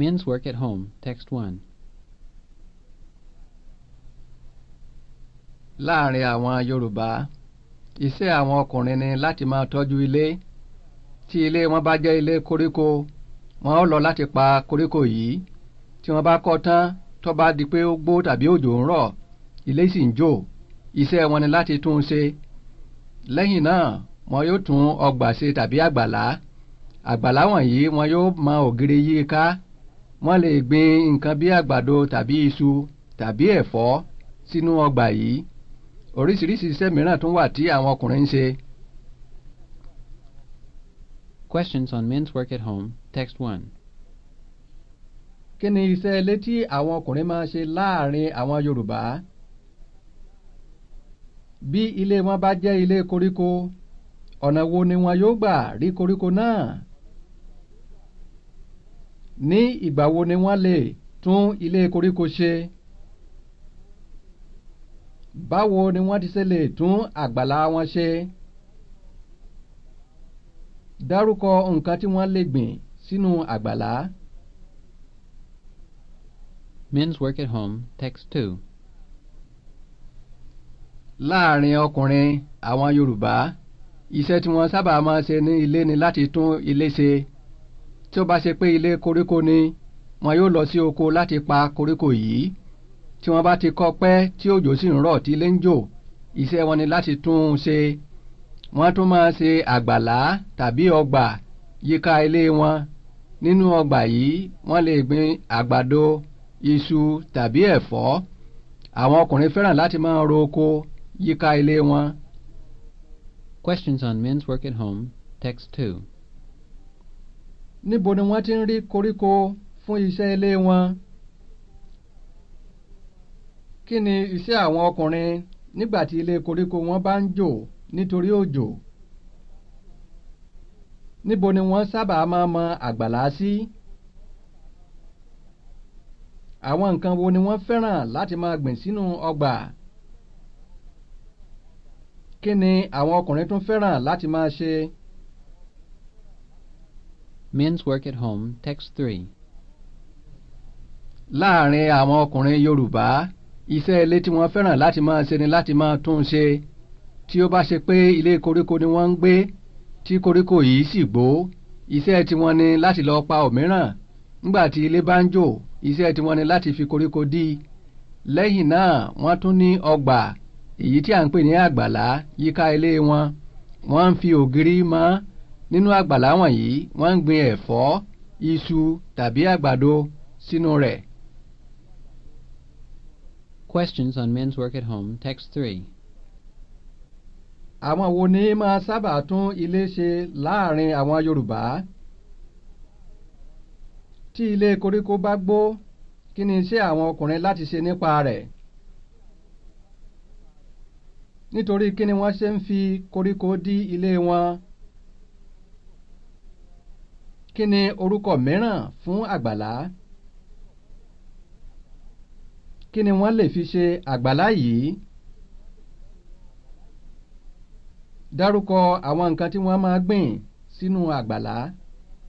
Men's Work at Home, Text 1. Láàárín àwọn Yorùbá, iṣẹ́ àwọn ọkùnrin ni láti máa tọ́jú ilé. Tí ilé wọn bá jẹ́ ilé koríko, wọn ó lọ láti pa koríko yìí. Tí wọ́n bá kọ́ tán, tó bá di pé ó gbó tàbí òjò ń rọ̀, ilé sì ń jò. Iṣẹ́ wọn ni láti tún un ṣe. Lẹ́yìn náà, wọn yóò tún ọgbà ṣe tàbí àgbàlá. Àgbàlá wọ̀nyí wọn yóò mọ ògiri yí ká wọ́n lè gbin nǹkan bí àgbàdo tàbí iṣu tàbí ẹ̀fọ́ sínú ọgbà yìí oríṣiríṣi iṣẹ́ mìíràn tún wà tí àwọn ọkùnrin ń ṣe. Questions on men's work at home, text one. Kí ni iṣẹ́ ilé tí àwọn ọkùnrin máa ṣe láàrin àwọn Yorùbá? Bí ilé wọn bá jẹ́ ilé koríko, ọ̀nà wo ni wọn yóò gbà rí koríko náà? ní ìgbà wo ni wọ́n lè tún ilé koríko ṣe? báwo ni wọ́n ti ṣe lè tún àgbàlá wọn ṣe? dárúkọ nǹkan tí wọ́n lè gbìn sínú àgbàlá. Men's Work at Home, Text two. Láàárín ọkùnrin àwọn Yorùbá, iṣẹ́ tí wọ́n sábà máa ń ṣe ní ilé ni láti tún ilé ṣe tí ó bá ṣe pé ilé koríko ni wọn yóò lọ sí oko láti pa koríko yìí tí wọ́n bá ti kọ́ pẹ́ tí òjò sì ń rọ̀ tí ilé ń jò iṣẹ́ wọn ni láti tún un ṣe wọ́n tún máa ṣe àgbàlá tàbí ọgbà yíká ilé wọn nínú ọgbà yìí wọ́n lè gbin àgbàdo iṣu tàbí ẹ̀fọ́ àwọn ọkùnrin fẹ́ràn láti máa ro oko yíká ilé wọn. Questions on men's work at home, text two níbo ni wọ́n ti ń rí koríko fún iṣẹ́ ilé wọn kí ni iṣẹ́ àwọn ọkùnrin nígbà tí ilé koríko wọn bá ń jò nítorí òjò níbo ni wọ́n sábà máa mọ àgbàlá sí àwọn nǹkan wo ni wọ́n fẹ́ràn láti máa gbìn sínú ọgbà kí ni àwọn ọkùnrin tún fẹ́ràn láti máa ṣe. Men's Work at Home, Text 3. Láàárín àwọn ọkùnrin Yorùbá, iṣẹ́ ilé tí wọ́n fẹ́ràn láti máa ṣe ni láti máa tún ṣe. Tí ó bá ṣe pé ilé koríko ni wọ́n ń gbé, tí koríko yìí sì gbó, iṣẹ́ tiwọn ni láti lọ pa òmíràn. Nígbà tí ilé bá ń jò, iṣẹ́ tiwọn ni láti fi koríko dí. Lẹ́yìn náà, wọ́n tún ní ọgbà, èyí tí à ń pè ní àgbàlá, yíká ilé wọn. Wọ́n ń fi ògiri mọ́ nínú àgbàlá wọ̀nyí wọ́n ń gbin ẹ̀fọ́ iṣu tàbí àgbàdo sínú rẹ̀. Questions on men's work at home, text three. Àwọn wo ni máa sábà tún ilé ṣe láàrin àwọn Yorùbá? Tí ilé koríko bá gbó, kí ni iṣẹ́ àwọn ọkùnrin láti ṣe nípa rẹ̀? Nítorí kí ni wọ́n ṣe ń fi koríko dí ilé wọn? Kí ni orúkọ mìíràn fún àgbàlá? Kí ni wọ́n lè fi ṣe àgbàlá yìí? Dárúkọ àwọn nǹkan tí wọ́n máa gbìn sínú àgbàlá.